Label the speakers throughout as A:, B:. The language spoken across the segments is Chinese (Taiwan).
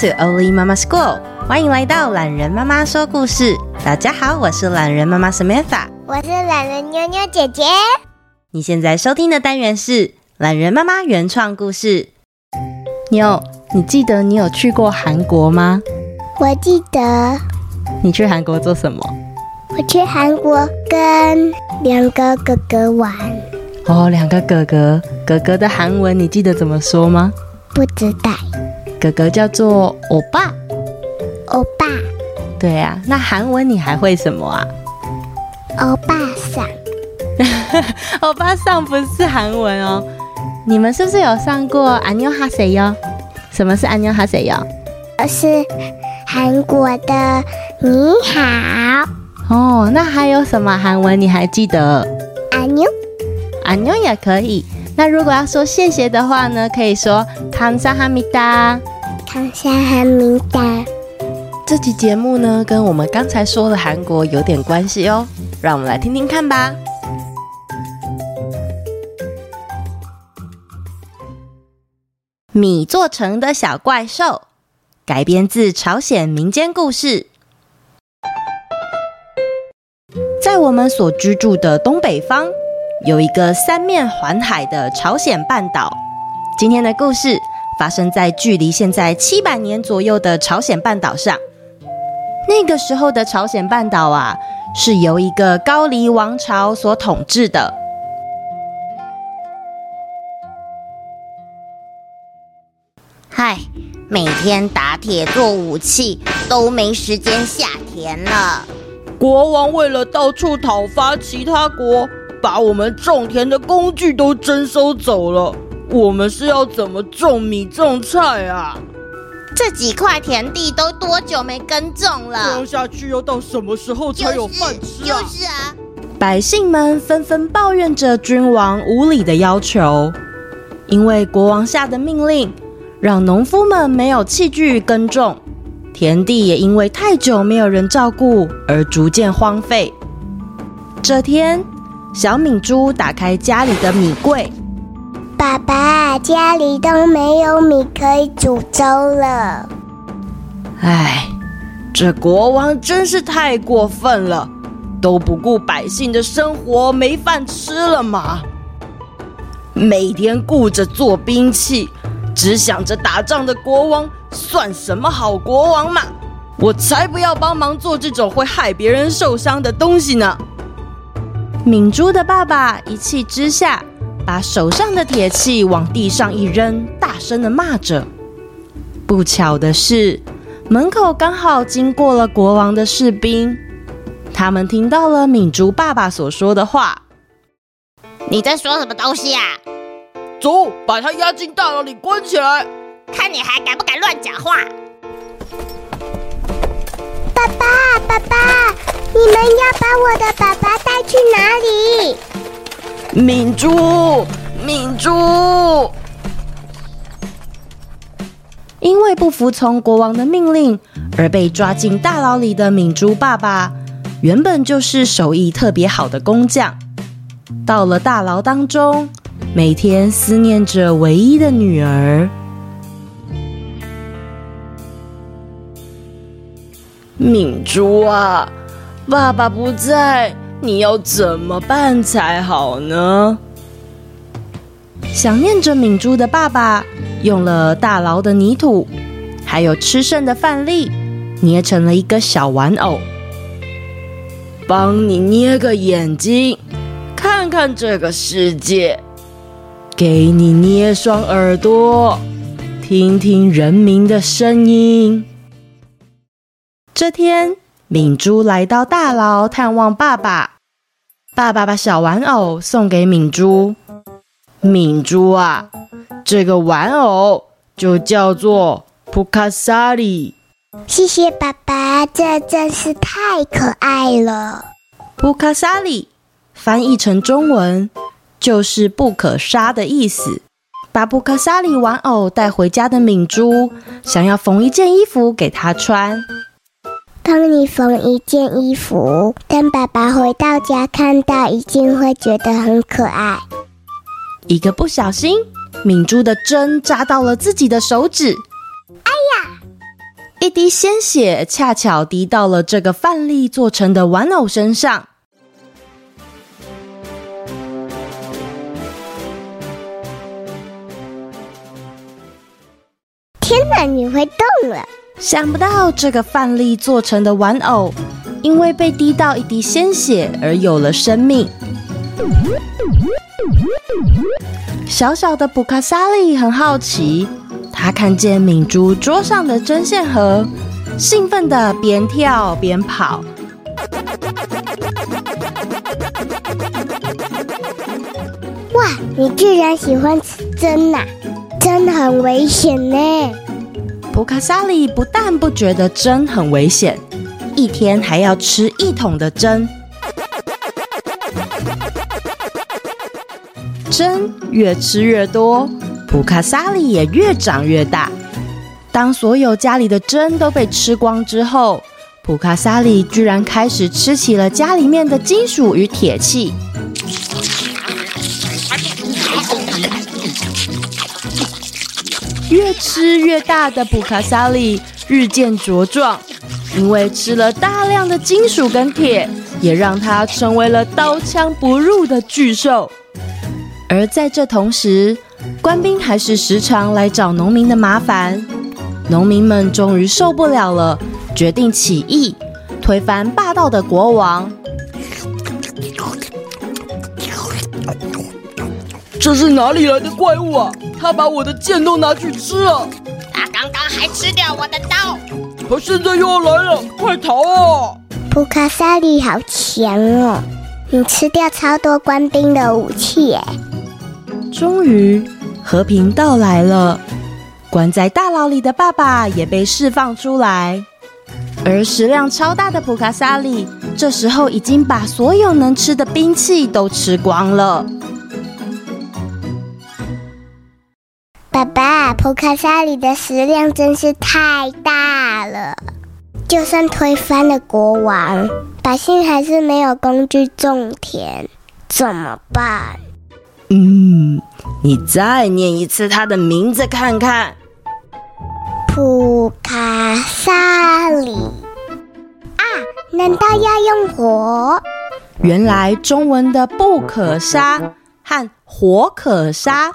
A: To Oli Mama School，歡迎來到懶人媽媽說故事。大家好，我是懶人媽媽 Samantha，
B: 我是懶人妞妞姐姐。
A: 你現在收聽的單元是懶人媽媽原創故事。妞，你記得你有去過韓國嗎？我記得。你去韓國做什麼？
B: 我去韓國跟兩個哥哥玩。
A: 哦，oh, 兩個哥哥，哥哥的韓文你記得怎麼說嗎？
B: 不知道。
A: 哥哥叫做歐巴，歐巴，對呀、啊。那韓文你還會什麼啊？歐巴桑，歐巴 桑不是韓文哦。你們是不是有上過安妞哈誰喲？什麼是安妞哈誰喲？而是韓國的你好。哦，那還有什麼韓文你還記得？安妞，安妞也可以。那如果要說謝謝的話呢，可以說謝謝“康沙哈米達，康沙哈米達”。這期節目呢，跟我們剛才說的韓國有點關係哦，讓我們來聽聽看吧。米做成的小怪獸，改編自朝鮮民間故事。在我們所居住的東北方，有一個三面環海的朝鮮半島。今天的故事發生在距離現在七百年左右的朝鮮半島上。那個時候的朝鮮半島啊，是由一個高麗王朝所統治的。
B: 嗨，每天打鐵做武器都沒時間下田了。
A: 國王為了到處討伐其他國。把我們種田的工具都徵收走了，我們是要怎麼種米種菜啊？這幾塊田地都多久沒耕種了？這樣下去要到什麼時候才
B: 有飯吃啊？就是、就是啊，
A: 百姓們紛紛抱怨着君王無理的要求，因為國王下的命令，讓農夫們沒有器具耕種，田地也因為太久沒有人照顧而逐漸荒廢。這天。小敏珠打開家裡的米
B: 櫃爸爸，家裡都沒有米可以煮粥了。唉，這國王真是太過分
A: 了，都不顧百姓的生活，沒飯吃了嘛。每天顧着做兵器，只想着打仗的國王，算什麼好國王嘛，我才不要幫忙做這種會害別人受傷的東西呢！敏珠的爸爸一氣之下，把手上的鐵器往地上一扔，大聲地罵着。不巧的是，門口剛好經過了國王的士兵，他們聽到了敏珠爸爸所說的話：“你在說什麼東西啊？”“走，把他押進大牢裡關起來。”“看你還敢不敢亂講話！”“
B: 爸爸，爸爸。”你們要把我的爸爸帶去哪裡？
A: 敏珠，
B: 敏珠。因為不
A: 服從國王的命令而被抓進大牢裡的敏珠爸爸，原本就是手藝特別好的工匠。到了大牢當中，每天思念着唯一的女兒敏珠啊。爸爸不在，你要怎麼辦才好呢？想念着敏珠的爸爸，用了大牢的泥土，還有吃剩的飯粒，捏成了一個小玩偶。幫你捏個眼睛，看看這個世界；給你捏雙耳朵，聽聽人民的聲音。這天。敏珠來到大牢探望爸爸，爸爸把小玩偶送給敏珠。敏珠啊，這個玩偶就叫做布卡沙里。謝謝爸爸，這真是太可愛了。布卡沙里翻譯成中文就是“不可殺”的意思。把布卡沙里玩偶帶回家的敏珠，想
B: 要縫一件衣服給他穿。幫你縫一件衣服，等爸爸回到家看到，一定會覺得很可愛。一個不小心，敏珠的針扎到了自己的手指，哎呀！
A: 一滴鮮血恰巧滴到了這個飯粒做成的玩偶身上。天哪！你會動了！想不到這個飯粒做成的玩偶，因為被滴到一滴鮮血而有了生命。小小的布卡沙利很好奇，他看見敏珠桌上的針線盒，興奮地邊跳邊跑。
B: 哇，你居然喜歡吃針吶、啊？真的很危險呢。普
A: 卡薩里不但不覺得針很危險，一天還要吃一桶的針。針越吃越多，普卡薩里也越長越大。當所有家裡的針都被吃光之後，普卡薩里居然開始吃起了家裡面的金屬與鐵器。越吃越大的布卡薩里日漸茁壯，因為吃了大量的金屬跟鐵，也讓他成為了刀槍不入的巨獸。而在這同時，官兵還是時常來找農民的麻煩，農民們終於受不了了，決定起義，推翻霸道的國王。這是哪裡來的怪物啊？他把我的劍都拿去吃了，他剛剛還吃掉我的刀，可現在又要來了，快逃啊！
B: 普卡薩利好強哦，你吃掉超多官兵的武器耶！
A: 終於和平到來了，關在大牢裡的爸爸也被釋放出來，而食量超大的普卡薩利，這時候已經把所有能吃的兵器都吃光了。
B: 爸爸，普卡沙里的食量真是太大了，就算推翻了國王，百姓還是沒有工具種田，怎麼辦？嗯，你再念一次他的名字看看，普卡沙里。啊，難道要用火？
A: 原來中文的“不可殺”
B: 和“火可
A: 殺”。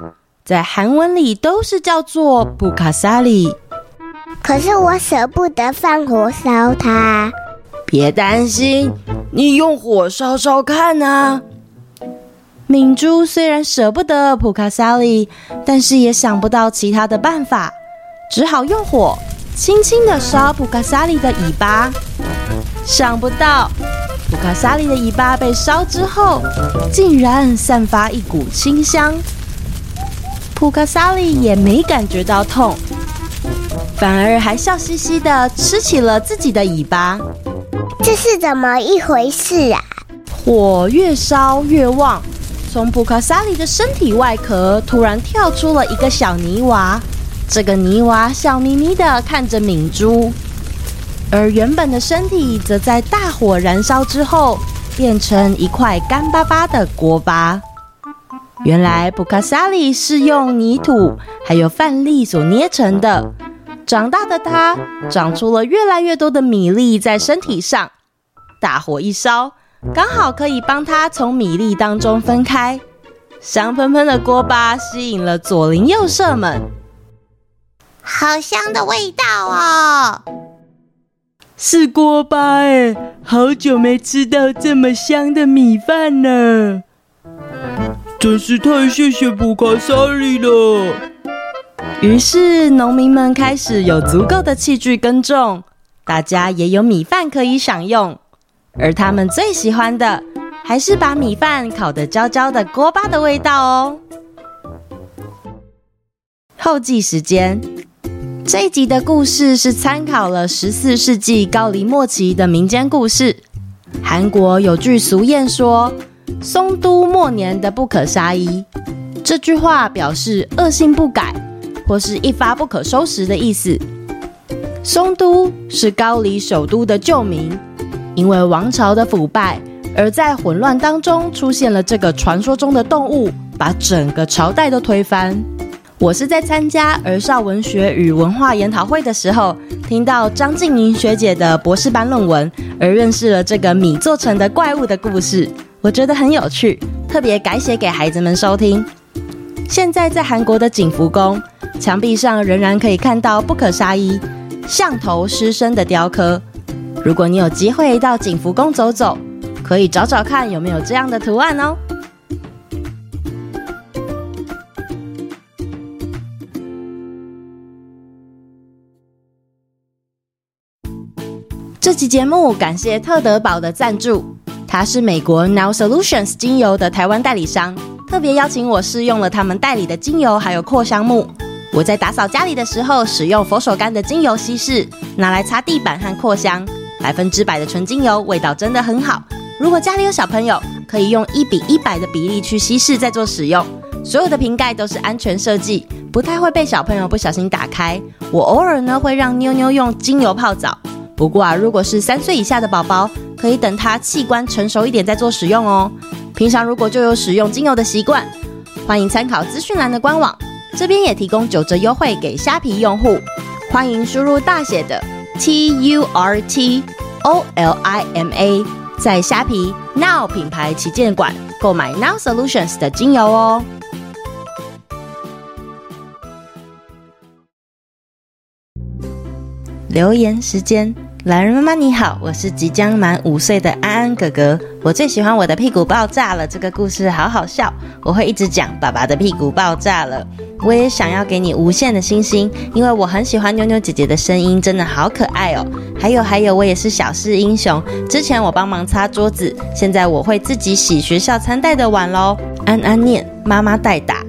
A: 在韓文裡都是叫做布卡薩利，可是我舍不得放火燒它。別擔心，你用火燒燒看啊。明珠雖然舍不得布卡薩利，但是也想不到其他的辦法，只好用火輕輕的燒布卡薩利的尾巴。想不到布卡薩利的尾巴被燒之後，竟然散發一股清香。普卡薩利也沒感覺到痛，反而還笑嘻嘻的吃起了自己的尾巴。這是怎麼一回事啊？火越燒越旺，從普卡薩利的身體外殼突然跳出了一個小泥娃。這個泥娃笑眯眯的看着敏珠，而原本的身體則在大火燃燒之後變成一塊乾巴巴的鍋巴。原來布卡薩里是用泥土還有飯粒所捏成的，長大的它長出了越來越多的米粒在身體上。大火一燒，剛好可以幫它從米粒當中分開。香噴噴的鍋巴吸引了左鄰右舍們，好香的味道哦！是鍋巴誒，好久沒吃到這麼香的米飯呢。真是太謝謝布卡沙利了。於是，農民們開始有足夠的器具耕種，大家也有米飯可以享用。而他們最喜歡的，還是把米飯烤得焦焦的鍋巴的味道哦。後記時間，這一集的故事是參考了十四世紀高麗末期的民間故事。韓國有句俗諺說。松都末年的不可殺伊。這句話表示惡性不改，或是一發不可收拾的意思。松都是高麗首都的舊名，因為王朝的腐敗，而在混亂當中出現了這個傳說中的動物，把整個朝代都推翻。我是在參加兒少文學與文化研討會的時候，聽到張靜寧學姐的博士班論文，而認識了這個米做成的怪物的故事。我覺得很有趣，特別改寫給孩子們收聽。現在在韓國的景福宮牆壁上，仍然可以看到不可殺伊象頭獅身的雕刻。如果你有機會到景福宮走走，可以找找看有沒有這樣的圖案哦。這期節目感謝特德寶的贊助。它是美國 Now Solutions 精油的台灣代理商，特別邀請我試用了他們代理的精油，還有擴香木。我在打掃家裡的時候，使用佛手柑的精油稀釋，拿來擦地板和擴香。百分之百的純精油，味道真的很好。如果家裡有小朋友，可以用一比一百的比例去稀釋再做使用。所有的瓶蓋都是安全設計，不太會被小朋友不小心打開。我偶爾呢會讓妞妞用精油泡澡。不過啊，如果是三歲以下的寶寶，可以等他器官成熟一點再做使用哦。平常如果就有使用精油的習慣，歡迎參考資訊欄的官網，這邊也提供九折優惠給蝦皮用戶。歡迎輸入大寫的 T U R T O L I M A，在蝦皮 Now 品牌旗艦館購買 Now Solutions 的精油哦。留言時間。欖仁媽媽你好，我是即將滿五歲的安安哥哥。我最喜歡我的屁股爆炸了這個故事，好好笑。我會一直講爸爸的屁股爆炸了。我也想要給你無限的星星，因為我很喜歡妞妞姐姐的聲音，真的好可愛哦。還有還有，我也是小事英雄。之前我幫忙擦桌子，現在我會自己洗學校餐帶的碗嘍。安安念，媽媽代打。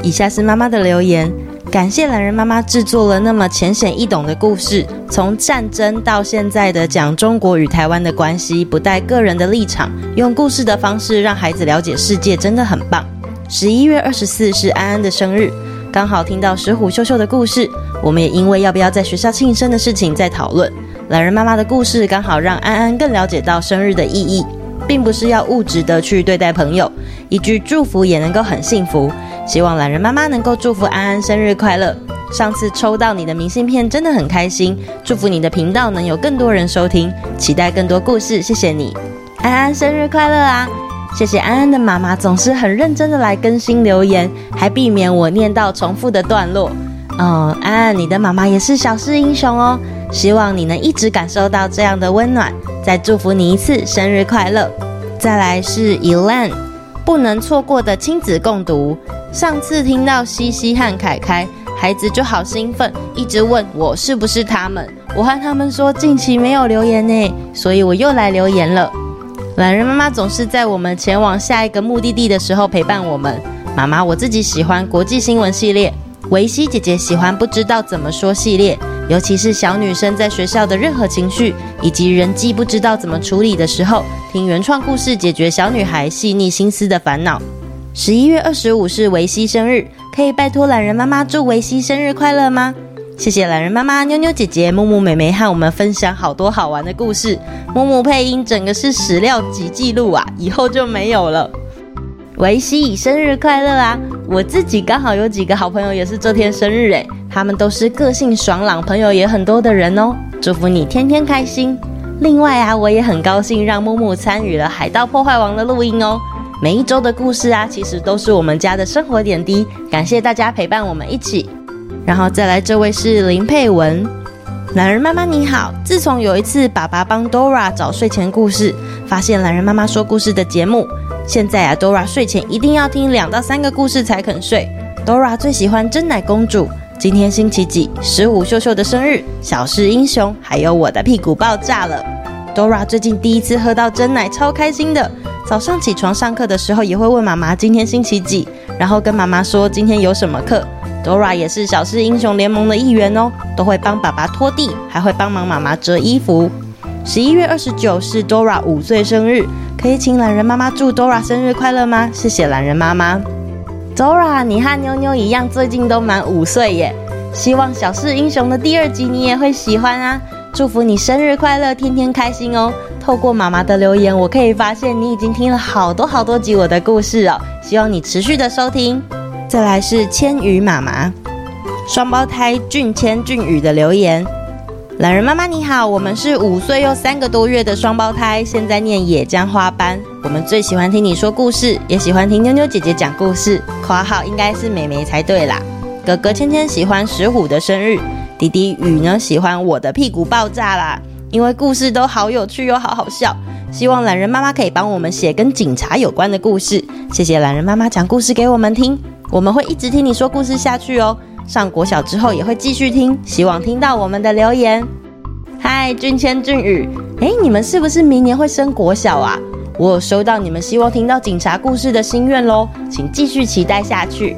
A: 以下是媽媽的留言。感謝欖仁媽媽製作了那麼淺顯易懂的故事，從戰爭到現在的講中國與台灣的關係，不帶個人的立場，用故事的方式讓孩子了解世界，真的很棒。十一月二十四是安安的生日，剛好聽到石虎秀秀的故事，我們也因為要不要在學校慶生的事情在討論。欖仁媽媽的故事剛好讓安安更了解到生日的意義，並不是要物質的去對待朋友，一句祝福也能夠很幸福。希望欖仁媽媽能夠祝福安安生日快樂。上次抽到你的明信片真的很開心，祝福你的頻道能有更多人收聽，期待更多故事。謝謝你，安安生日快樂啊！謝謝安安的媽媽總是很認真的來更新留言，還避免我念到重複的段落。哦，安安，你的媽媽也是小事英雄哦。希望你能一直感受到這樣的溫暖，再祝福你一次生日快樂。再來是 Elan，不能錯過的親子共讀。上次聽到西西和凱凱，孩子就好興奮，一直問我是不是他們。我和他們說近期沒有留言呢，所以我又來留言了。欖仁媽媽總是在我們前往下一個目的地的時候陪伴我們。媽媽，我自己喜歡國際新聞系列，維西姐姐喜歡不知道怎麼說系列，尤其是小女生在學校的任何情緒以及人際不知道怎麼處理的時候，聽原創故事解決小女孩細膩心思的煩惱。十一月二十五日是維西生日，可以拜托欖仁媽媽祝維西生日快樂嗎？謝謝欖仁媽媽、妞妞姐姐、木木妹妹，和我們分享好多好玩的故事。木木配音整個是史料及記錄啊，以後就沒有了。維西生日快樂啊！我自己剛好有幾個好朋友也是這天生日、欸，哎，他們都是個性爽朗、朋友也很多的人哦、喔。祝福你天天開心。另外啊，我也很高興讓木木參與了海、喔《海盜破壞王》的錄音哦。每一周的故事啊，其實都是我們家的生活點滴。感謝大家陪伴我們一起。然後再來，這位是林佩文，欖仁媽媽你好。自從有一次爸爸幫 Dora 找睡前故事，發現欖仁媽媽說故事的節目，現在啊，Dora 睡前一定要聽兩到三個故事才肯睡。Dora 最喜歡珍奶公主。今天星期幾？十五秀秀的生日。小事英雄，還有我的屁股爆炸了。Dora 最近第一次喝到珍奶，超開心的。早上起床上課的時候，也會問媽媽今天星期幾，然後跟媽媽說今天有什麼課。Dora 也是小事英雄聯盟的一員哦，都會幫爸爸拖地，還會幫忙媽媽折衣服。十一月二十九是 Dora 五歲生日，可以請欖仁媽媽祝 Dora 生日快樂嗎？謝謝欖仁媽媽。Dora，你和妞妞一樣，最近都滿五歲耶，希望小事英雄的第二集你也會喜歡啊！祝福你生日快樂，天天開心哦。透過媽媽的留言，我可以發現你已經聽了好多好多集我的故事哦，希望你持續的收聽。再來是千羽媽媽雙胞胎俊千俊羽的留言：欖仁媽媽你好，我們是五歲又三個多月的雙胞胎，現在念野薑花班，我們最喜歡聽你說故事，也喜歡聽妞妞姐姐講故事。括號應該是妹妹才對啦。哥哥千千喜歡石虎的生日，弟弟雨呢喜歡我的屁股爆炸啦。因為故事都好有趣又好好笑，希望懶人媽媽可以幫我們寫跟警察有關的故事。謝謝懶人媽媽講故事給我們聽，我們會一直聽你說故事下去哦。上國小之後也會繼續聽，希望聽到我們的留言。嗨，俊謙、俊宇，誒，你們是不是明年會升國小啊？我有收到你們希望聽到警察故事的心願嘍，請繼續期待下去。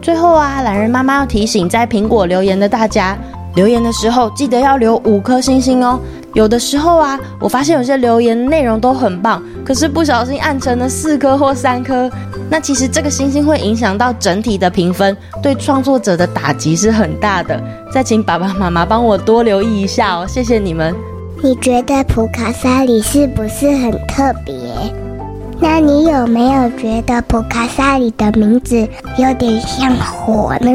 A: 最後啊，懶人媽媽要提醒在蘋果留言的大家。留言的時候記得要留五顆星星哦。有的時候啊，我發現有些留言內容都很棒，可是不小心按成了四顆或三顆。那其實這個星星會影響到整體的評分，對創作者的打擊是很大的。再請爸爸媽媽幫我多留意一下哦，謝謝你們。你覺得普卡薩里是不是很特
B: 別？那你有沒有覺得普卡薩里的名字有點像火呢？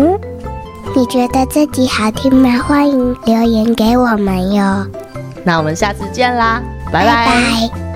B: 你覺得自己好聽嗎？歡迎留言給我們喲。那我們下次見啦，拜拜。拜拜。